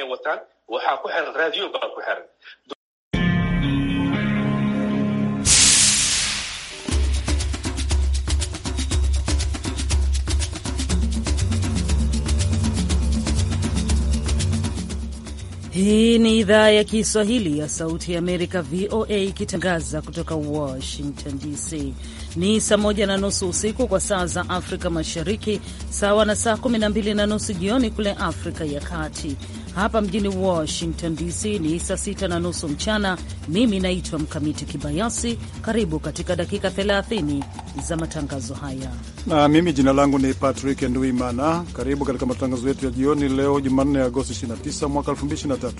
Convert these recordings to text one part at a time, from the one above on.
ay wataan waxaa ku xiran radio baa ku xiran Hii ni idhaa ya Kiswahili ya Sauti ya Amerika, VOA, ikitangaza kutoka Washington DC. Ni saa moja na nusu usiku kwa saa za Afrika Mashariki, sawa na saa kumi na mbili na nusu jioni kule Afrika ya Kati. Hapa mjini Washington DC ni saa sita na nusu mchana. Mimi naitwa Mkamiti Kibayasi. Karibu katika dakika 30 za matangazo haya, na mimi jina langu ni Patrick Nduimana. Karibu katika matangazo yetu ya jioni leo Jumanne, Agosti 29 mwaka 2023.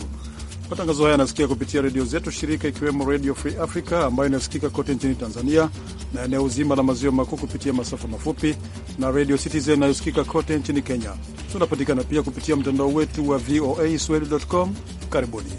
Matangazo haya yanasikika kupitia redio zetu shirika, ikiwemo Redio Free Africa ambayo inasikika kote nchini Tanzania na eneo zima la maziwa makuu kupitia masafa mafupi na Redio Citizen inayosikika kote nchini Kenya. Tunapatikana pia kupitia mtandao wetu wa VOA Swahili.com. Karibuni.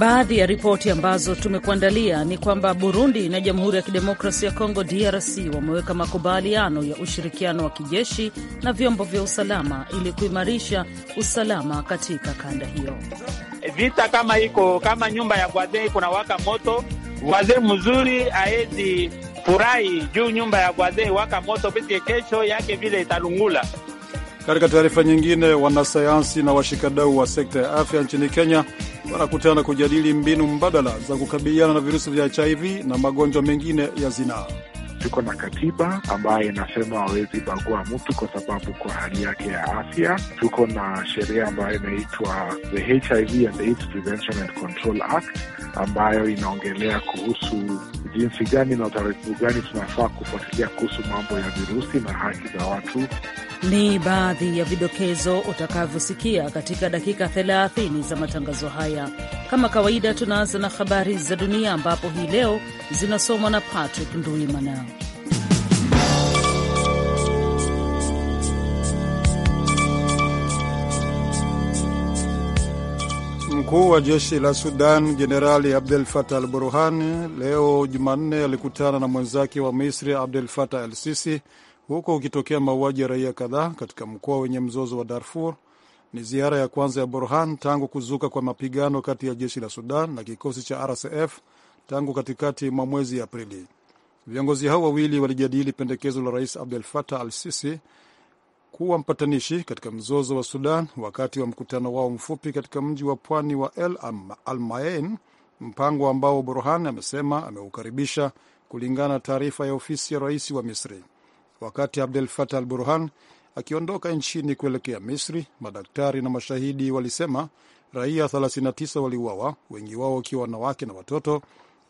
Baadhi ya ripoti ambazo tumekuandalia ni kwamba Burundi na Jamhuri ya Kidemokrasia ya Kongo DRC wameweka makubaliano ya ushirikiano wa kijeshi na vyombo vya usalama ili kuimarisha usalama katika kanda hiyo. Vita kama iko kama nyumba ya gwazee kuna waka moto, wazee mzuri aezi furahi juu nyumba ya gwazee waka moto, basi kesho yake vile italungula. Katika taarifa nyingine, wanasayansi na washikadau wa sekta ya afya nchini Kenya wanakutana kujadili mbinu mbadala za kukabiliana na virusi vya HIV na magonjwa mengine ya zinaa. Tuko na katiba ambayo inasema hawezi bagua mtu kwa sababu kwa hali yake ya afya. Tuko na sheria ambayo inaitwa the HIV and AIDS Prevention and Control Act ambayo inaongelea kuhusu jinsi gani na utaratibu gani tunafaa kufuatilia kuhusu mambo ya virusi na haki za watu ni baadhi ya vidokezo utakavyosikia katika dakika 30 za matangazo haya. Kama kawaida, tunaanza na habari za dunia ambapo hii leo zinasomwa na Patrick Nduimana. Mkuu wa jeshi la Sudan Jenerali Abdel Fatah al Burhani leo Jumanne alikutana na mwenzake wa Misri Abdel Fatah al Sisi huko ukitokea mauaji ya raia kadhaa katika mkoa wenye mzozo wa Darfur. Ni ziara ya kwanza ya Borhan tangu kuzuka kwa mapigano kati ya jeshi la Sudan na kikosi cha RSF tangu katikati mwa mwezi Aprili. Viongozi hao wawili walijadili pendekezo la Rais Abdel Fattah al Sisi kuwa mpatanishi katika mzozo wa Sudan wakati wa mkutano wao mfupi katika mji wa pwani wa El Almain, mpango ambao burhan amesema ameukaribisha kulingana na taarifa ya ofisi ya rais wa Misri. Wakati Abdel Fatah al Burhan akiondoka nchini kuelekea Misri, madaktari na mashahidi walisema raia 39 waliuawa, wengi wao wakiwa wanawake na watoto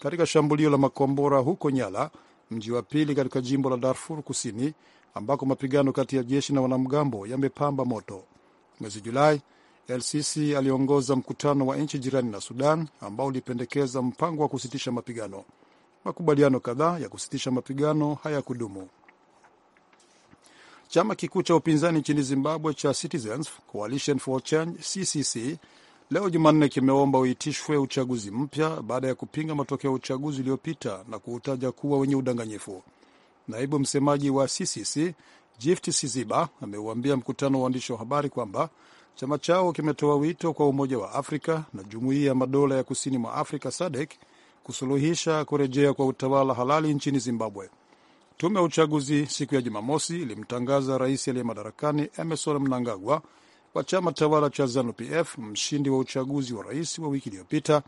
katika shambulio la makombora huko Nyala, mji wa pili katika jimbo la Darfur Kusini, ambako mapigano kati ya jeshi na wanamgambo yamepamba moto. Mwezi Julai, lcc aliongoza mkutano wa nchi jirani na Sudan ambao ulipendekeza mpango wa kusitisha mapigano. Makubaliano kadhaa ya kusitisha mapigano hayakudumu. Chama kikuu cha upinzani nchini Zimbabwe cha Citizens Coalition for Change CCC leo Jumanne kimeomba uitishwe uchaguzi mpya baada ya kupinga matokeo ya uchaguzi uliopita na kuutaja kuwa wenye udanganyifu. Naibu msemaji wa CCC Gift Siziba ameuambia mkutano wa waandishi wa habari kwamba chama chao kimetoa wito kwa Umoja wa Afrika na Jumuiya ya Madola ya Kusini mwa Afrika SADC kusuluhisha kurejea kwa utawala halali nchini Zimbabwe. Tume ya uchaguzi siku ya Jumamosi ilimtangaza rais aliye madarakani Emerson Mnangagwa wa chama tawala cha ZANUPF mshindi wa uchaguzi wa rais wa wiki iliyopita,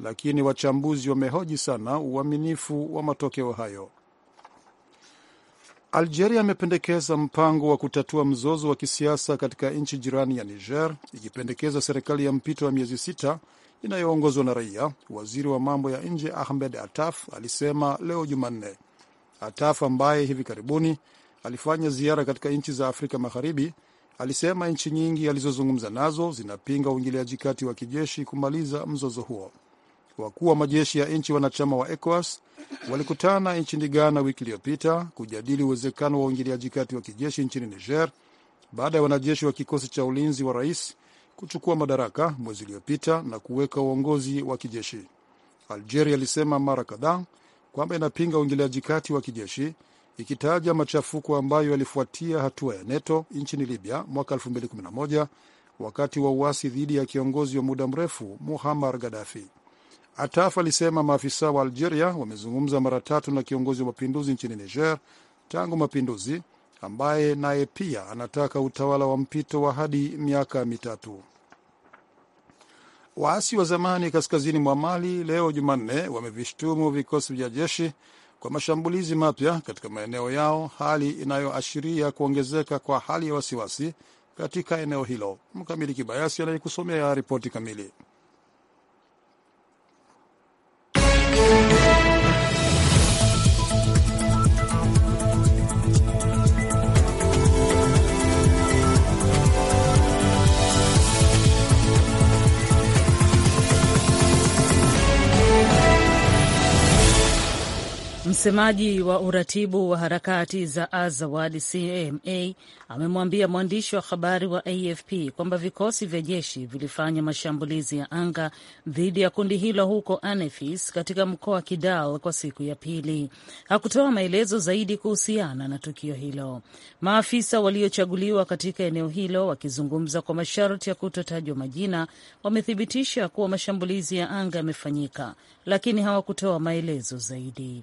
lakini wachambuzi wamehoji sana uaminifu wa matokeo hayo. Algeria amependekeza mpango wa kutatua mzozo wa kisiasa katika nchi jirani ya Niger, ikipendekeza serikali ya mpito ya miezi sita inayoongozwa na raia. Waziri wa mambo ya nje Ahmed ataf alisema leo Jumanne Ataf ambaye hivi karibuni alifanya ziara katika nchi za Afrika Magharibi alisema nchi nyingi alizozungumza nazo zinapinga uingiliaji kati wa kijeshi kumaliza mzozo huo. Wakuu wa majeshi ya nchi wanachama wa ECOWAS walikutana nchini Ghana wiki iliyopita kujadili uwezekano wa uingiliaji kati wa kijeshi nchini Niger baada ya wanajeshi wa kikosi cha ulinzi wa rais kuchukua madaraka mwezi uliopita na kuweka uongozi wa kijeshi. Algeria alisema mara kadhaa kwamba inapinga uingiliaji kati wa kijeshi ikitaja machafuko ambayo yalifuatia hatua ya NATO nchini Libya mwaka 2011 wakati wa uasi dhidi ya kiongozi wa muda mrefu muhamar Gaddafi. Ataf alisema maafisa wa Algeria wamezungumza mara tatu na kiongozi wa mapinduzi nchini Niger tangu mapinduzi, ambaye naye pia anataka utawala wa mpito wa hadi miaka mitatu. Waasi wa zamani kaskazini mwa Mali leo Jumanne wamevishtumu vikosi vya jeshi kwa mashambulizi mapya katika maeneo yao, hali inayoashiria kuongezeka kwa hali ya wasiwasi katika eneo hilo. Mkamili Kibayasi anayekusomea ripoti kamili. Msemaji wa uratibu wa harakati za Azawad CMA amemwambia mwandishi wa habari wa AFP kwamba vikosi vya jeshi vilifanya mashambulizi ya anga dhidi ya kundi hilo huko Anefis katika mkoa wa Kidal kwa siku ya pili. Hakutoa maelezo zaidi kuhusiana na tukio hilo. Maafisa waliochaguliwa katika eneo hilo wakizungumza kwa masharti ya kutotajwa majina wamethibitisha kuwa mashambulizi ya anga yamefanyika lakini hawakutoa maelezo zaidi.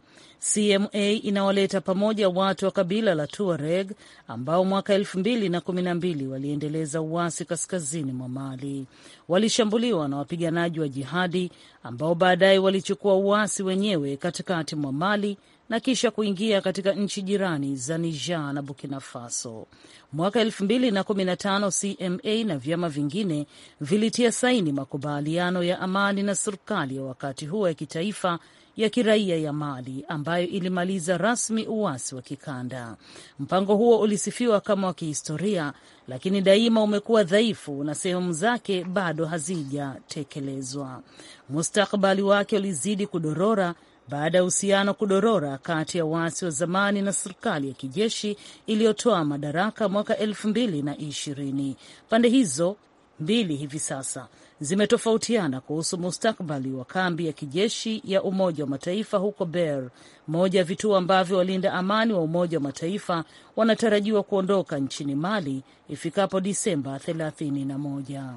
CMA inawaleta pamoja watu wa kabila la Tuareg ambao mwaka elfu mbili na kumi na mbili waliendeleza uasi kaskazini mwa Mali. Walishambuliwa na wapiganaji wa jihadi ambao baadaye walichukua uasi wenyewe katikati mwa Mali na kisha kuingia katika nchi jirani za Niger na Burkina Faso. Mwaka 2015 CMA na vyama vingine vilitia saini makubaliano ya amani na serikali ya wakati huo ya kitaifa ya kiraia ya Mali ambayo ilimaliza rasmi uasi wa kikanda. Mpango huo ulisifiwa kama wa kihistoria, lakini daima umekuwa dhaifu na sehemu zake bado hazijatekelezwa. Mustakabali wake ulizidi kudorora baada ya uhusiano kudorora kati ya waasi wa zamani na serikali ya kijeshi iliyotoa madaraka mwaka elfu mbili na ishirini. Pande hizo mbili hivi sasa zimetofautiana kuhusu mustakbali wa kambi ya kijeshi ya Umoja wa Mataifa huko Ber, moja ya vituo ambavyo walinda amani wa Umoja wa Mataifa wanatarajiwa kuondoka nchini Mali ifikapo Disemba 31.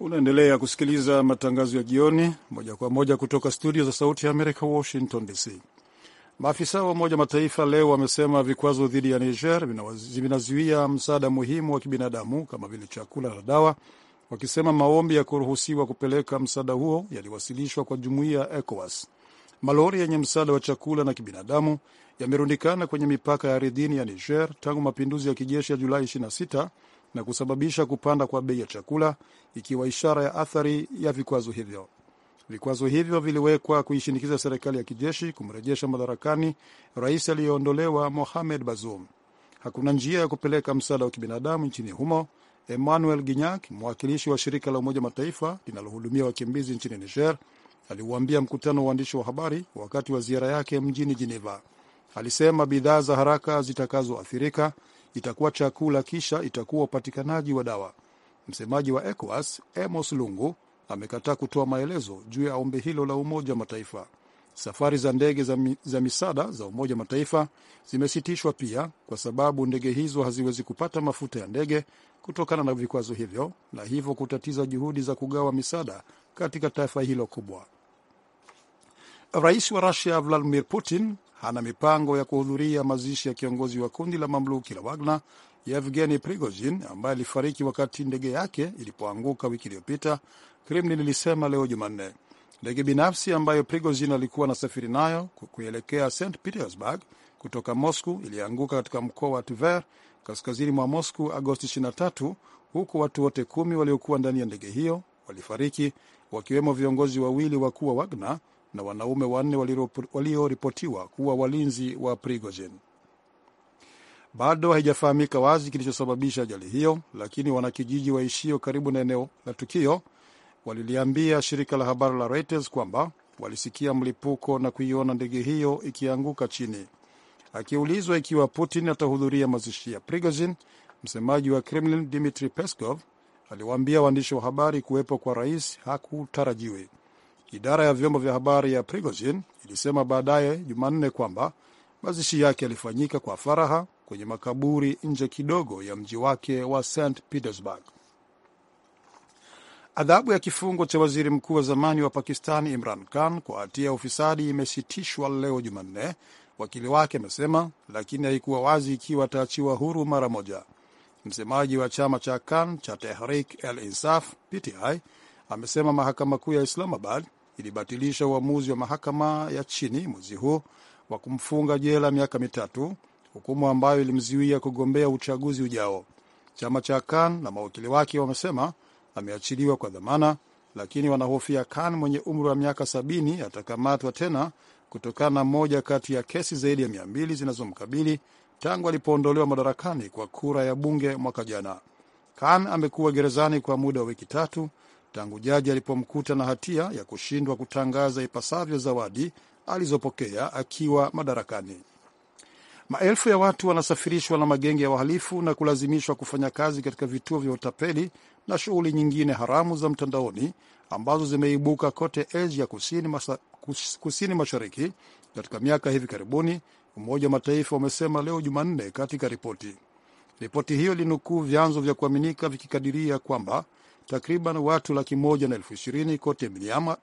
Unaendelea kusikiliza matangazo ya jioni moja kwa moja kutoka studio za Sauti ya Amerika, Washington DC. Maafisa wa Umoja Mataifa leo wamesema vikwazo dhidi ya Niger vinazuia msaada muhimu wa kibinadamu kama vile chakula na dawa, wakisema maombi ya kuruhusiwa kupeleka msaada huo yaliwasilishwa kwa jumuiya ya ECOWAS. Malori yenye msaada wa chakula na kibinadamu yamerundikana kwenye mipaka ya ardhini ya Niger tangu mapinduzi ya kijeshi ya Julai 26 na kusababisha kupanda kwa bei ya chakula, ikiwa ishara ya athari ya vikwazo hivyo. Vikwazo hivyo viliwekwa kuishinikiza serikali ya kijeshi kumrejesha madarakani rais aliyeondolewa Mohamed Bazoum. Hakuna njia ya kupeleka msaada wa kibinadamu nchini humo. Emmanuel Ginyak, mwakilishi wa shirika la Umoja Mataifa linalohudumia wakimbizi nchini Niger, aliuambia mkutano wa waandishi wa habari wakati wa ziara yake mjini Jeneva. Alisema bidhaa za haraka zitakazoathirika itakuwa chakula, kisha itakuwa upatikanaji wa dawa. Msemaji wa ECOWAS Amos Lungu amekataa kutoa maelezo juu ya ombi hilo la Umoja wa Mataifa. Safari za ndege za misaada za Umoja wa Mataifa zimesitishwa pia kwa sababu ndege hizo haziwezi kupata mafuta ya ndege kutokana na vikwazo hivyo, na hivyo kutatiza juhudi za kugawa misaada katika taifa hilo kubwa. Rais wa Rusia Vladimir Putin hana mipango ya kuhudhuria mazishi ya kiongozi wa kundi la mamluki la Wagner Yevgeni Prigozhin ambaye alifariki wakati ndege yake ilipoanguka wiki iliyopita, Kremlin ilisema leo Jumanne. Ndege binafsi ambayo Prigozhin alikuwa anasafiri nayo kuelekea St Petersburg kutoka Moscow ilianguka katika mkoa wa Tver kaskazini mwa Moscow Agosti 23, huku watu wote kumi waliokuwa ndani ya ndege hiyo walifariki, wakiwemo viongozi wawili wakuu wa Wagner na wanaume wanne walioripotiwa kuwa walinzi wa Prigozhin. Bado haijafahamika wazi kilichosababisha ajali hiyo, lakini wanakijiji waishio karibu na eneo la tukio waliliambia shirika la habari la Reuters kwamba walisikia mlipuko na kuiona ndege hiyo ikianguka chini. Akiulizwa ikiwa Putin atahudhuria mazishi ya Prigozhin, msemaji wa Kremlin Dmitri Peskov aliwaambia waandishi wa habari kuwepo kwa rais hakutarajiwi. Idara ya vyombo vya habari ya Prigozhin ilisema baadaye Jumanne kwamba mazishi yake yalifanyika kwa faraha kwenye makaburi nje kidogo ya mji wake wa St Petersburg. Adhabu ya kifungo cha waziri mkuu wa zamani wa Pakistan Imran Khan kwa hatia ya ufisadi imesitishwa leo Jumanne, wakili wake amesema, lakini haikuwa wazi ikiwa ataachiwa huru mara moja. Msemaji wa chama cha Khan cha Tehrik el Insaf, PTI, amesema mahakama kuu ya Islamabad ilibatilisha uamuzi wa mahakama ya chini mwezi huu wa kumfunga jela miaka mitatu, hukumu ambayo ilimzuia kugombea uchaguzi ujao. Chama cha Khan na mawakili wake wamesema ameachiliwa kwa dhamana, lakini wanahofia Khan mwenye umri wa miaka sabini atakamatwa tena kutokana na moja kati ya kesi zaidi ya mia mbili zinazomkabili tangu alipoondolewa madarakani kwa kura ya bunge mwaka jana. Khan amekuwa gerezani kwa muda wa wiki tatu tangu jaji alipomkuta na hatia ya kushindwa kutangaza ipasavyo zawadi alizopokea akiwa madarakani. Maelfu ya watu wanasafirishwa na magenge ya wahalifu na kulazimishwa kufanya kazi katika vituo vya utapeli na shughuli nyingine haramu za mtandaoni ambazo zimeibuka kote Asia kusini, masa, kus, kusini mashariki katika miaka hivi karibuni, Umoja wa Mataifa umesema leo Jumanne katika ripoti. Ripoti hiyo linukuu vyanzo vya kuaminika vikikadiria kwamba takriban watu laki moja na elfu ishirini kote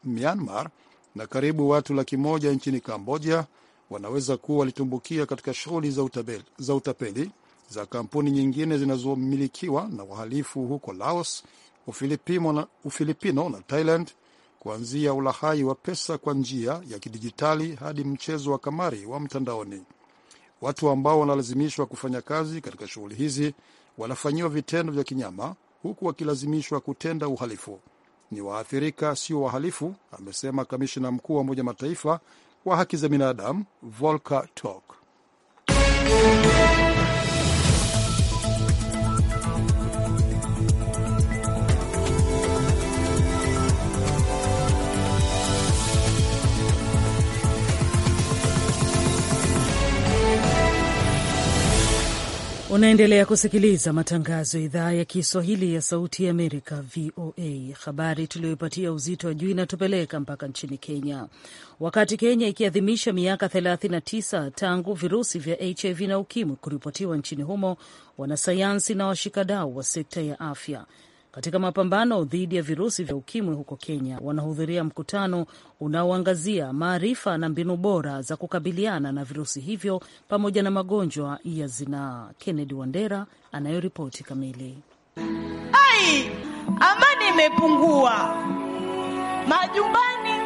Myanmar na karibu watu laki moja nchini Kambodia wanaweza kuwa walitumbukia katika shughuli za, za utapeli za kampuni nyingine zinazomilikiwa na wahalifu huko Laos, Ufilipino na, Ufilipino na Thailand, kuanzia ulahai wa pesa kwa njia ya kidijitali hadi mchezo wa kamari wa mtandaoni. Watu ambao wanalazimishwa kufanya kazi katika shughuli hizi wanafanyiwa vitendo vya kinyama huku wakilazimishwa kutenda uhalifu. Ni waathirika, sio wahalifu, amesema kamishina mkuu wa Umoja Mataifa wa haki za binadamu Volker Turk. Unaendelea kusikiliza matangazo ya idhaa ya Kiswahili ya Sauti ya Amerika, VOA. Habari tuliyoipatia uzito wa juu inatupeleka mpaka nchini Kenya. Wakati Kenya ikiadhimisha miaka 39 tangu virusi vya HIV na UKIMWI kuripotiwa nchini humo, wanasayansi na washikadau wa sekta ya afya katika mapambano dhidi ya virusi vya ukimwi huko Kenya wanahudhuria mkutano unaoangazia maarifa na mbinu bora za kukabiliana na virusi hivyo pamoja na magonjwa ya zinaa. Kennedy Wandera anayoripoti kamili. Ai, amani imepungua majumbani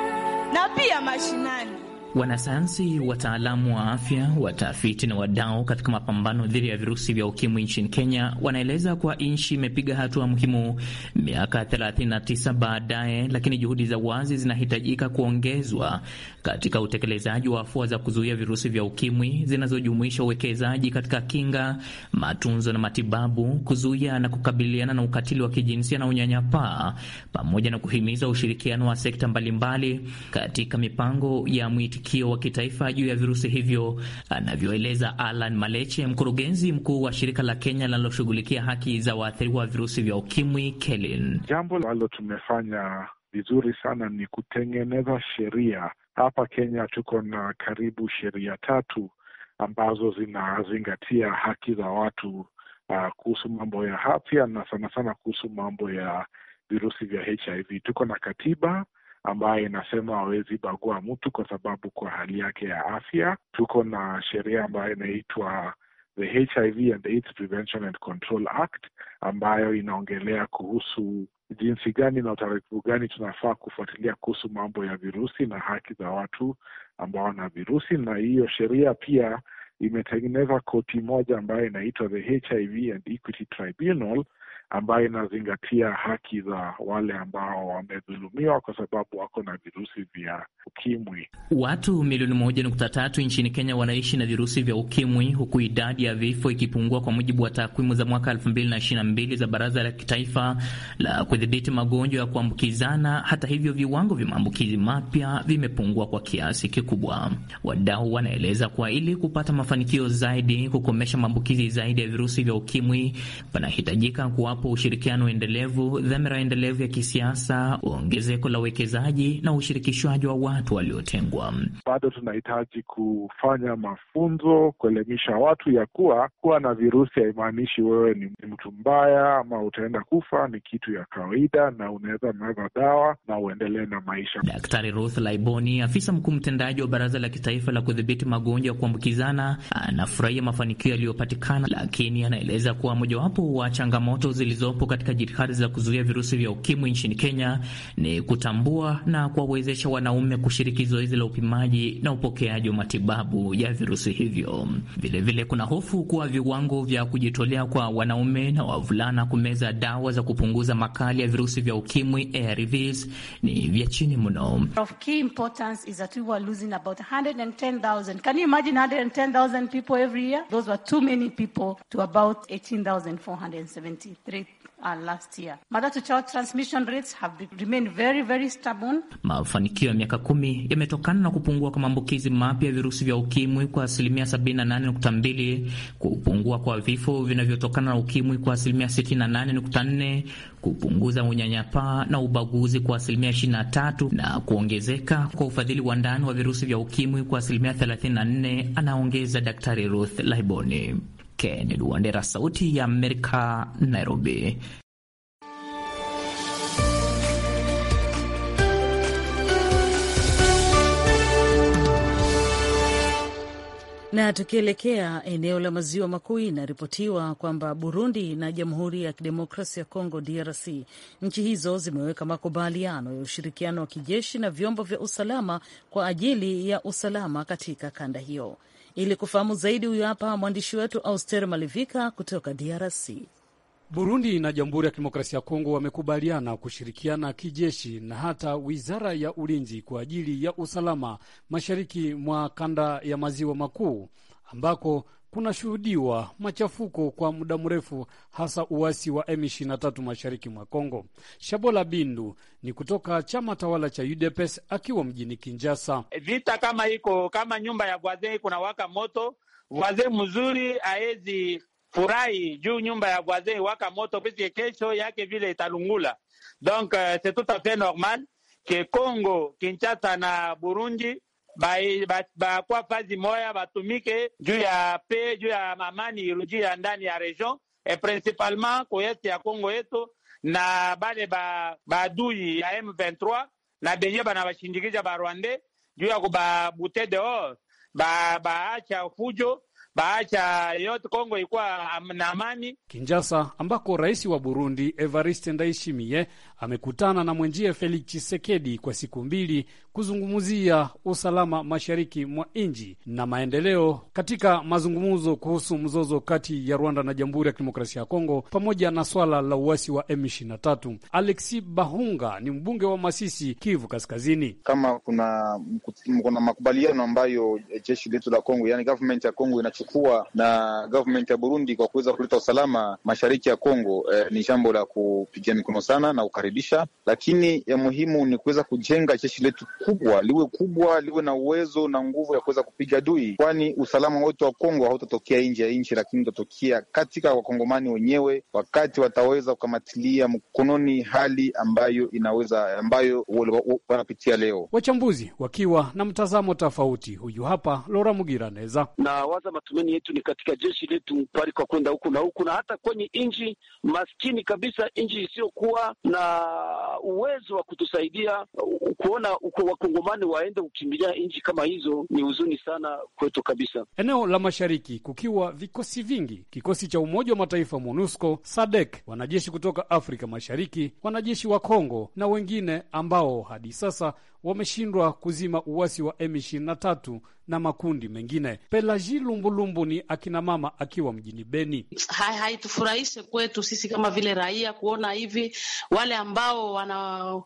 na pia mashinani. Wanasayansi, wataalamu wa afya, watafiti na wadau katika mapambano dhidi ya virusi vya ukimwi nchini Kenya wanaeleza kuwa nchi imepiga hatua muhimu miaka 39 baadaye, lakini juhudi za wazi zinahitajika kuongezwa katika utekelezaji wa afua za kuzuia virusi vya ukimwi zinazojumuisha uwekezaji katika kinga, matunzo na matibabu, kuzuia na kukabiliana na ukatili wa kijinsia na unyanyapaa, pamoja na kuhimiza ushirikiano wa sekta mbalimbali katika mipango ya mwiti mwitikio wa kitaifa juu ya virusi hivyo, anavyoeleza Alan Maleche, mkurugenzi mkuu wa shirika la Kenya linaloshughulikia haki za waathiriwa wa virusi vya ukimwi KELIN. Jambo ambalo tumefanya vizuri sana ni kutengeneza sheria hapa Kenya. Tuko na karibu sheria tatu ambazo zinazingatia haki za watu uh, kuhusu mambo ya afya na sana sana kuhusu mambo ya virusi vya HIV. Tuko na katiba ambayo inasema hawezi bagua mtu kwa sababu kwa hali yake ya afya. Tuko na sheria ambayo inaitwa the HIV and AIDS Prevention and Control Act ambayo inaongelea kuhusu jinsi gani na utaratibu gani tunafaa kufuatilia kuhusu mambo ya virusi na haki za watu ambao wana virusi, na hiyo sheria pia imetengeneza koti moja ambayo inaitwa the HIV and Equity Tribunal ambayo inazingatia haki za wale ambao wamedhulumiwa kwa sababu wako na virusi vya ukimwi. Watu milioni moja nukta tatu nchini Kenya wanaishi na virusi vya ukimwi, huku idadi ya vifo ikipungua kwa mujibu wa takwimu za mwaka elfu mbili na ishirini na mbili za Baraza la Kitaifa la Kudhibiti Magonjwa ya Kuambukizana. Hata hivyo, viwango vya maambukizi mapya vimepungua kwa kiasi kikubwa. Wadau wanaeleza kuwa ili kupata mafanikio zaidi kukomesha maambukizi zaidi ya virusi vya ukimwi panahitajika kuwa ambapo ushirikiano endelevu, dhamira endelevu ya kisiasa, ongezeko la uwekezaji na ushirikishwaji wa watu waliotengwa. Bado tunahitaji kufanya mafunzo, kuelimisha watu ya kuwa kuwa na virusi haimaanishi wewe ni mtu mbaya ama utaenda kufa. Ni kitu ya kawaida na unaweza meza dawa na uendelee na maisha. Daktari Ruth Laiboni, afisa mkuu mtendaji wa Baraza la Kitaifa la Kudhibiti Magonjwa ya Kuambukizana, anafurahia mafanikio yaliyopatikana, lakini anaeleza kuwa mojawapo wa changamoto zili zilizopo katika jitihada za kuzuia virusi vya ukimwi nchini Kenya ni kutambua na kuwawezesha wanaume kushiriki zoezi la upimaji na upokeaji wa matibabu ya virusi hivyo. Vilevile vile kuna hofu kuwa viwango vya kujitolea kwa wanaume na wavulana kumeza dawa za kupunguza makali ya virusi vya ukimwi ARVs ni vya chini mno. Uh, last year. Mother to child transmission rates have remained very, very stubborn. Mafanikio ya miaka kumi yametokana na kupungua kwa maambukizi mapya ya virusi vya ukimwi kwa asilimia 78.2, kupungua kwa vifo vinavyotokana na ukimwi kwa asilimia 68.4, kupunguza unyanyapaa na ubaguzi kwa asilimia 23, na kuongezeka kwa ufadhili wa ndani wa virusi vya ukimwi kwa asilimia 34, anaongeza Daktari Ruth Laiboni. Kennedy Wandera, Sauti ya Amerika, Nairobi. Na tukielekea eneo la maziwa makuu, inaripotiwa kwamba Burundi na Jamhuri ya Kidemokrasia ya Kongo DRC, nchi hizo zimeweka makubaliano ya ushirikiano wa kijeshi na vyombo vya usalama kwa ajili ya usalama katika kanda hiyo. Ili kufahamu zaidi, huyu hapa mwandishi wetu Auster Malivika kutoka DRC. Burundi na Jamhuri ya Kidemokrasia ya Kongo wamekubaliana kushirikiana kijeshi na hata wizara ya ulinzi kwa ajili ya usalama mashariki mwa kanda ya maziwa makuu ambako kunashuhudiwa machafuko kwa muda mrefu, hasa uasi wa M23 mashariki mwa Kongo. Shabola Bindu ni kutoka chama tawala cha UDPS akiwa mjini kinjasa Vita kama iko kama nyumba ya iko kuna waka moto, bwazei mzuri aezi furahi juu nyumba ya bwazei waka moto, piske kesho yake vile italungula. Donc euh, c'est tout a fait normal ke Congo Kinshasa na Burundi bakuwa fazi moya batumike juu ya pe juu ya amani ya ndani ya region e principalement koyeste ya Kongo yetu na bale badui ba ya M23 na benye bana bashindikiza Rwanda juu ya kubabute dehors baacha ba fujo Baacha yote Kongo ilikuwa na amani. kinjasa ambako rais wa Burundi Evariste Ndayishimiye amekutana na mwenjie Felix chisekedi kwa siku mbili kuzungumzia usalama mashariki mwa nchi na maendeleo katika mazungumzo kuhusu mzozo kati ya Rwanda na Jamhuri ya Kidemokrasia ya Kongo pamoja na swala la uasi wa M23. Alexi Bahunga ni mbunge wa Masisi, Kivu Kaskazini. Kama kuna, kuna makubaliano ambayo eh, jeshi letu la Kongo, yani government ya Kongo ina kuchukua na government ya Burundi kwa kuweza kuleta usalama mashariki ya Kongo eh, ni jambo la kupigia mikono sana na kukaribisha, lakini ya muhimu ni kuweza kujenga jeshi letu kubwa, liwe kubwa, liwe na uwezo na nguvu ya kuweza kupiga adui, kwani usalama wote wa Kongo hautatokea nje ya nchi, lakini utatokea katika wakongomani wenyewe, wakati wataweza kukamatilia mkononi hali ambayo inaweza ambayo wanapitia leo. Wachambuzi wakiwa na mtazamo tofauti. Huyu hapa Lora Mugiraneza na waza matumaini yetu ni katika jeshi letu pari kwa kwenda huku na huku, na hata kwenye nchi maskini kabisa, nchi isiyokuwa na uwezo wa kutusaidia uh, kuona uko wakongomani waende kukimbilia nchi kama hizo, ni huzuni sana kwetu kabisa. Eneo la mashariki kukiwa vikosi vingi, kikosi cha Umoja wa Mataifa MONUSCO, SADEK, wanajeshi kutoka Afrika Mashariki, wanajeshi wa Kongo na wengine ambao hadi sasa wameshindwa kuzima uwasi wa M23 na makundi mengine. Pelaji Lumbulumbu ni akina mama akiwa mjini Beni. Haitufurahishe kwetu sisi kama vile raia kuona hivi, wale ambao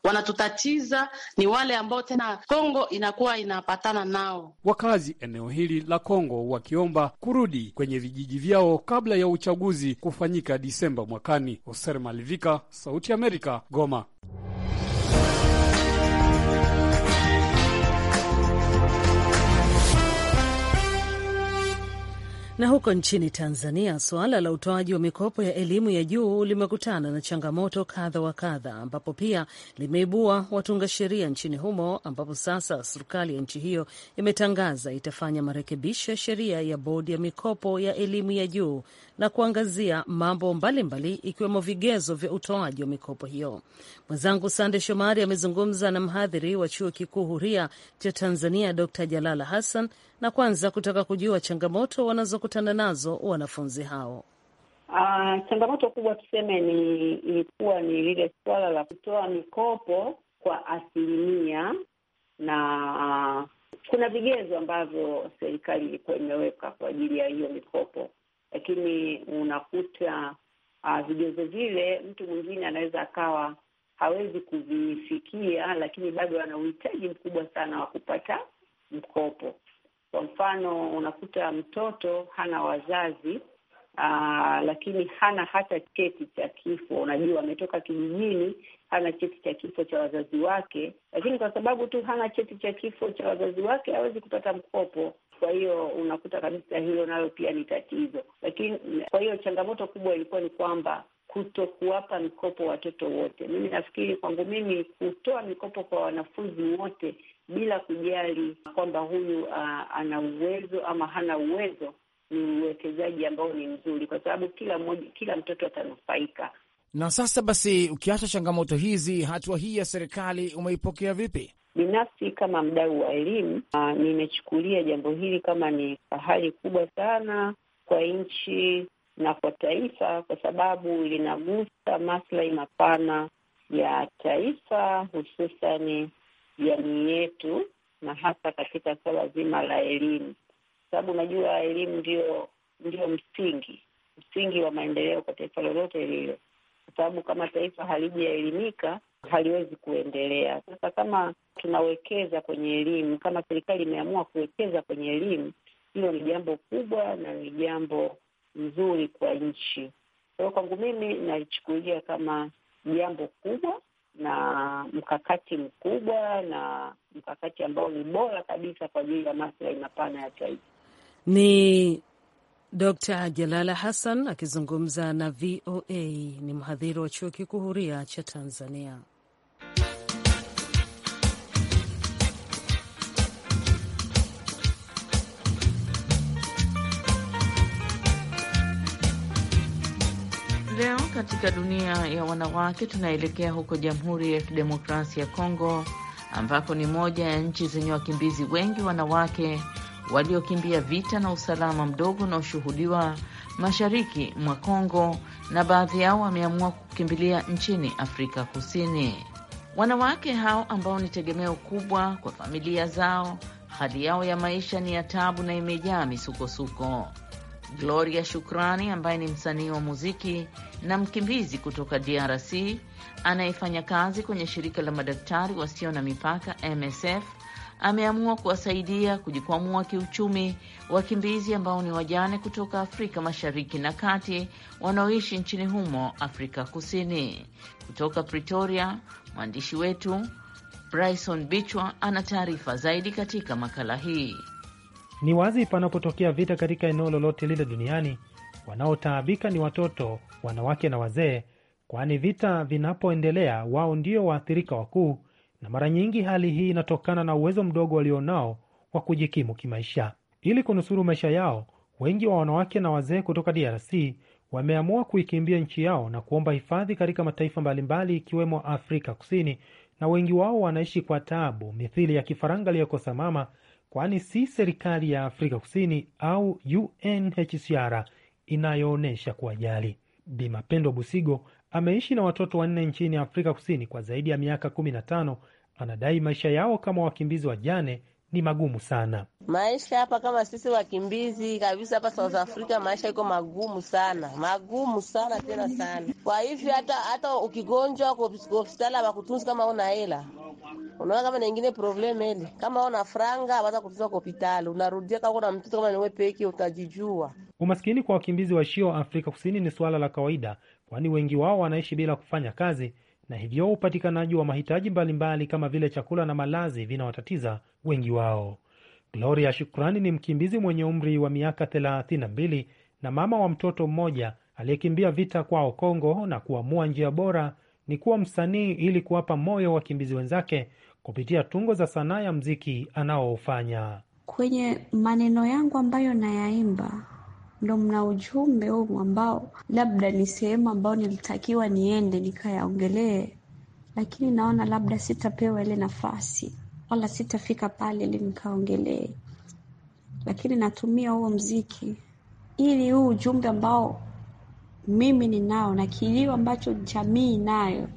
wanatutatiza wana ni wale ambao tena Kongo inakuwa inapatana nao. Wakazi eneo hili la Kongo wakiomba kurudi kwenye vijiji vyao kabla ya uchaguzi kufanyika Disemba mwakani. Hoser Malivika, Sauti ya Amerika, Goma. Na huko nchini Tanzania, suala la utoaji wa mikopo ya elimu ya juu limekutana na changamoto kadha wa kadha, ambapo pia limeibua watunga sheria nchini humo, ambapo sasa serikali ya nchi hiyo imetangaza itafanya marekebisho ya sheria ya bodi ya mikopo ya elimu ya juu na kuangazia mambo mbalimbali ikiwemo vigezo vya utoaji wa mikopo hiyo. Mwenzangu Sande Shomari amezungumza na mhadhiri wa chuo kikuu huria cha Tanzania Dr Jalala Hassan na kwanza kutaka kujua changamoto wanazokutana nazo wanafunzi hao. Uh, changamoto kubwa tuseme ni ilikuwa ni lile suala la kutoa mikopo kwa asilimia na kuna vigezo ambavyo serikali ilikuwa imeweka kwa ajili ya hiyo mikopo, lakini unakuta uh, vigezo vile mtu mwingine anaweza akawa hawezi kuvifikia, lakini bado ana uhitaji mkubwa sana wa kupata mkopo. Kwa mfano, unakuta mtoto hana wazazi aa, ah, lakini hana hata cheti cha kifo. Unajua, ametoka kijijini, hana cheti cha kifo cha wazazi wake, lakini kwa sababu tu hana cheti cha kifo cha wazazi wake hawezi kupata mkopo. Kwa hiyo unakuta kabisa hilo nalo pia ni tatizo. Lakini kwa hiyo changamoto kubwa ilikuwa ni kwamba kuto kuwapa mikopo watoto wote. Mimi nafikiri kwangu mimi, kutoa mikopo kwa wanafunzi wote bila kujali kwamba huyu uh, ana uwezo ama hana uwezo, ni uwekezaji ambao ni mzuri, kwa sababu kila mmoja, kila mtoto atanufaika. Na sasa basi, ukiacha changamoto hizi, hatua hii ya serikali umeipokea vipi? Binafsi kama mdau wa elimu uh, nimechukulia jambo hili kama ni fahari kubwa sana kwa nchi na kwa taifa, kwa sababu linagusa maslahi mapana ya taifa, hususani jamii yetu, na hasa katika swala zima la elimu, sababu unajua elimu ndio ndio msingi msingi wa maendeleo kwa taifa lolote lile, kwa sababu kama taifa halijaelimika haliwezi kuendelea. Sasa kama tunawekeza kwenye elimu, kama serikali imeamua kuwekeza kwenye elimu, hilo ni jambo kubwa na ni jambo nzuri kwa nchi. Kwa hiyo kwangu mimi nalichukulia kama jambo kubwa na mkakati mkubwa na mkakati ambao ni bora kabisa kwa ajili ya maslahi mapana ya taifa. Ni Dr. Jalala Hassan akizungumza na VOA, ni mhadhiri wa chuo kikuu huria cha Tanzania. katika dunia ya wanawake, tunaelekea huko Jamhuri ya Kidemokrasia ya Kongo, ambako ni moja ya nchi zenye wakimbizi wengi wanawake waliokimbia vita na usalama mdogo unaoshuhudiwa mashariki mwa Kongo, na baadhi yao wameamua kukimbilia nchini Afrika Kusini. Wanawake hao ambao ni tegemeo kubwa kwa familia zao, hali yao ya maisha ni ya tabu na imejaa misukosuko. Gloria Shukrani ambaye ni msanii wa muziki na mkimbizi kutoka DRC anayefanya kazi kwenye shirika la madaktari wasio na mipaka MSF ameamua kuwasaidia kujikwamua kiuchumi wakimbizi ambao ni wajane kutoka Afrika Mashariki na Kati wanaoishi nchini humo Afrika Kusini. Kutoka Pretoria, mwandishi wetu Bryson Bichwa ana taarifa zaidi katika makala hii. Ni wazi panapotokea vita katika eneo lolote lile duniani, wanaotaabika ni watoto, wanawake na wazee, kwani vita vinapoendelea wao ndio waathirika wakuu, na mara nyingi hali hii inatokana na uwezo mdogo walionao wa kujikimu kimaisha. Ili kunusuru maisha yao, wengi wa wanawake na wazee kutoka DRC wameamua kuikimbia nchi yao na kuomba hifadhi katika mataifa mbalimbali ikiwemo Afrika Kusini, na wengi wao wanaishi kwa taabu mithili ya kifaranga aliyokosa mama kwani si serikali ya Afrika Kusini au UNHCR inayoonyesha kuwajali. Bi Mapendo Busigo ameishi na watoto wanne nchini Afrika Kusini kwa zaidi ya miaka kumi na tano. Anadai maisha yao kama wakimbizi wajane ni magumu sana. Maisha hapa kama sisi wakimbizi kabisa hapa South Africa, maisha iko magumu sana, magumu sana tena sana. Kwa hivyo hata hata ukigonjwa kwa hospitali hawakutunzi kama una hela. Unaona kama naingine problem ele, kama una franga hawata kutunza kwa hospitali, unarudia kama una mtoto kama niwe peke utajijua. Umaskini kwa wakimbizi waishio Afrika Kusini ni suala la kawaida, kwani wengi wao wanaishi bila kufanya kazi na hivyo upatikanaji wa mahitaji mbalimbali mbali kama vile chakula na malazi vinawatatiza wengi wao. Gloria Shukrani ni mkimbizi mwenye umri wa miaka 32 na mama wa mtoto mmoja aliyekimbia vita kwao Kongo na kuamua njia bora ni kuwa msanii ili kuwapa moyo wakimbizi wenzake kupitia tungo za sanaa ya mziki anaoufanya. Kwenye maneno yangu ambayo nayaimba ndo mna ujumbe huu ambao labda ni sehemu ambayo nilitakiwa niende nikayaongelee, lakini naona labda sitapewa ile nafasi wala sitafika pale ili nikaongelee, lakini natumia huo mziki ili huu ujumbe ambao mimi ninao na kilio ambacho jamii inayo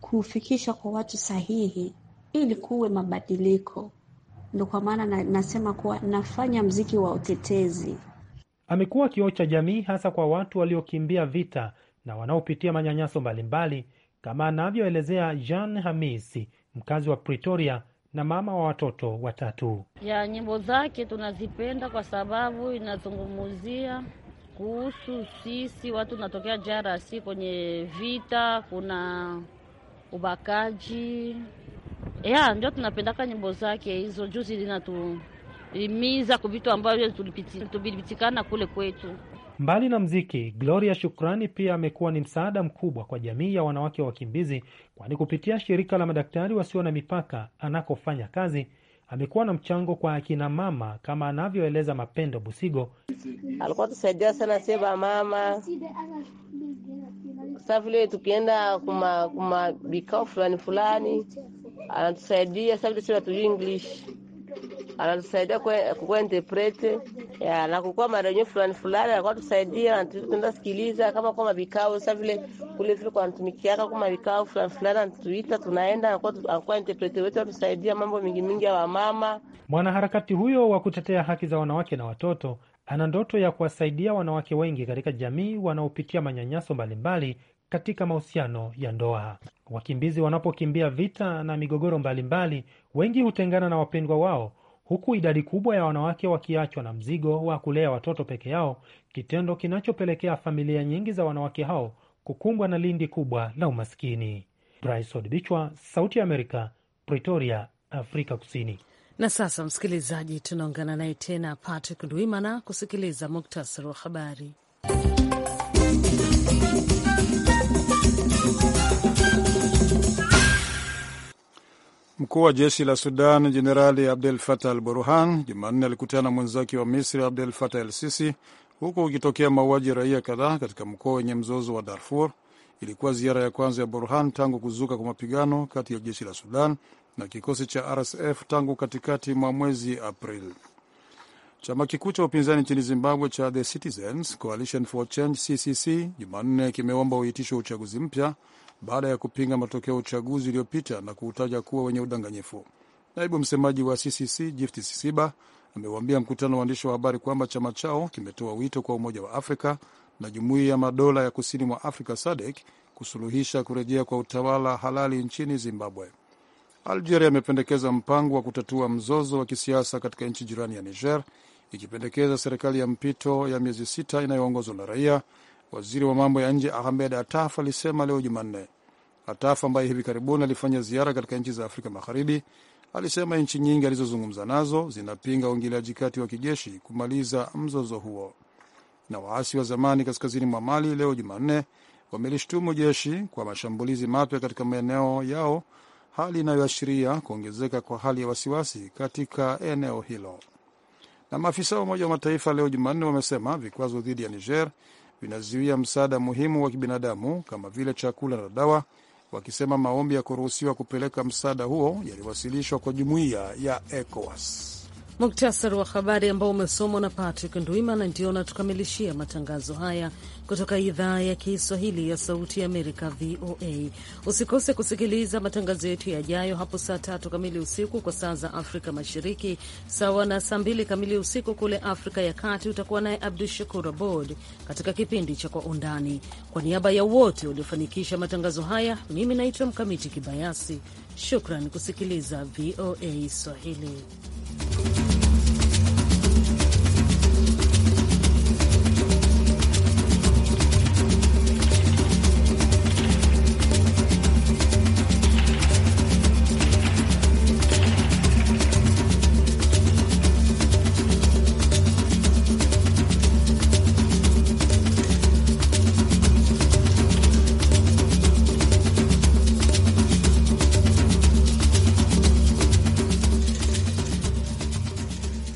kufikisha kwa watu sahihi, ili kuwe mabadiliko. Ndo kwa maana na, nasema kuwa nafanya mziki wa utetezi Amekuwa kioo cha jamii hasa kwa watu waliokimbia vita na wanaopitia manyanyaso mbalimbali kama anavyoelezea Jean Hamisi, mkazi wa Pretoria na mama wa watoto watatu. ya nyimbo zake tunazipenda kwa sababu inazungumuzia kuhusu sisi watu unatokea jarasi kwenye vita, kuna ubakaji ya ndio tunapendaka nyimbo zake hizo juu zilinatu imiza ku vitu ambavyo tulipitikana kule kwetu. Mbali na mziki, Gloria Shukrani pia amekuwa ni msaada mkubwa kwa jamii ya wanawake wa wakimbizi, kwani kupitia shirika la madaktari wasio na mipaka anakofanya kazi amekuwa na mchango kwa akina mama kama anavyoeleza Mapendo Busigo. Alikuwa tusaidia sana sie vamama sa vile tukienda kuma, kuma vikao fulani fulani anatusaidia sa vile sie English anatusaidia kukua interprete na kukua marenyo fulani fulani, anakuwa tusaidia, tunaenda sikiliza kama kwa vikao sa vile kule vile kwa anatumikiaka kwa vikao fulani fulani, anatuita tunaenda, anakuwa interprete wetu, anatusaidia mambo mingi mingi ya wamama. Mwanaharakati huyo wa kutetea haki za wanawake na watoto ana ndoto ya kuwasaidia wanawake wengi katika jamii wanaopitia manyanyaso mbalimbali katika mahusiano ya ndoa. Wakimbizi wanapokimbia vita na migogoro mbalimbali, mbali, wengi hutengana na wapendwa wao huku idadi kubwa ya wanawake wakiachwa na mzigo wa kulea watoto peke yao, kitendo kinachopelekea familia nyingi za wanawake hao kukumbwa na lindi kubwa la umaskini. Bryson Bichwa, Sauti ya Amerika, Pretoria, Afrika Kusini. Na sasa, msikilizaji, tunaungana naye tena Patrick Ndwimana kusikiliza muktasari wa habari. Mkuu wa jeshi la Sudan Jenerali Abdel Fatah al Burhan Jumanne alikutana na mwenzake wa Misri Abdel Fatah el Sisi huku ukitokea mauaji ya raia kadhaa katika mkoa wenye mzozo wa Darfur. Ilikuwa ziara ya kwanza ya Burhan tangu kuzuka kwa mapigano kati ya jeshi la Sudan na kikosi cha RSF tangu katikati mwa mwezi Aprili. Chama kikuu cha upinzani nchini Zimbabwe cha The Citizens Coalition for Change, CCC, Jumanne kimeomba uitisho wa uchaguzi mpya baada ya kupinga matokeo ya uchaguzi uliopita na kuutaja kuwa wenye udanganyifu. Naibu msemaji wa CCC Gift Sisiba amewaambia mkutano wa waandishi wa habari kwamba chama chao kimetoa wito kwa Umoja wa Afrika na Jumuiya ya Madola ya Kusini mwa Afrika SADC kusuluhisha kurejea kwa utawala halali nchini Zimbabwe. Algeria imependekeza mpango wa kutatua mzozo wa kisiasa katika nchi jirani ya Niger, ikipendekeza serikali ya mpito ya miezi sita inayoongozwa na raia Waziri wa mambo ya nje Ahmed Ataf alisema leo Jumanne. Ataf ambaye hivi karibuni alifanya ziara katika nchi za Afrika Magharibi alisema nchi nyingi alizozungumza nazo zinapinga uingiliaji kati wa kijeshi kumaliza mzozo huo. Na waasi wa zamani kaskazini mwa Mali leo Jumanne wamelishtumu jeshi kwa mashambulizi mapya katika maeneo yao, hali inayoashiria kuongezeka kwa hali ya wasiwasi katika eneo hilo. Na maafisa wa Umoja wa Mataifa leo Jumanne wamesema vikwazo dhidi ya Niger vinazuia msaada muhimu wa kibinadamu kama vile chakula na dawa, wakisema maombi ya kuruhusiwa kupeleka msaada huo yaliwasilishwa kwa jumuiya ya ECOWAS. Muktasari wa habari ambao umesomwa na Patrick Ndwimana ndio natukamilishia matangazo haya kutoka idhaa ya Kiswahili ya Sauti ya Amerika, VOA. Usikose kusikiliza matangazo yetu yajayo hapo saa tatu kamili usiku kwa saa za Afrika Mashariki, sawa na saa mbili kamili usiku kule Afrika ya Kati. Utakuwa naye Abdu Shakur Abod katika kipindi cha Kwa Undani. Kwa niaba ya wote waliofanikisha matangazo haya, mimi naitwa Mkamiti Kibayasi. Shukran kusikiliza VOA Swahili.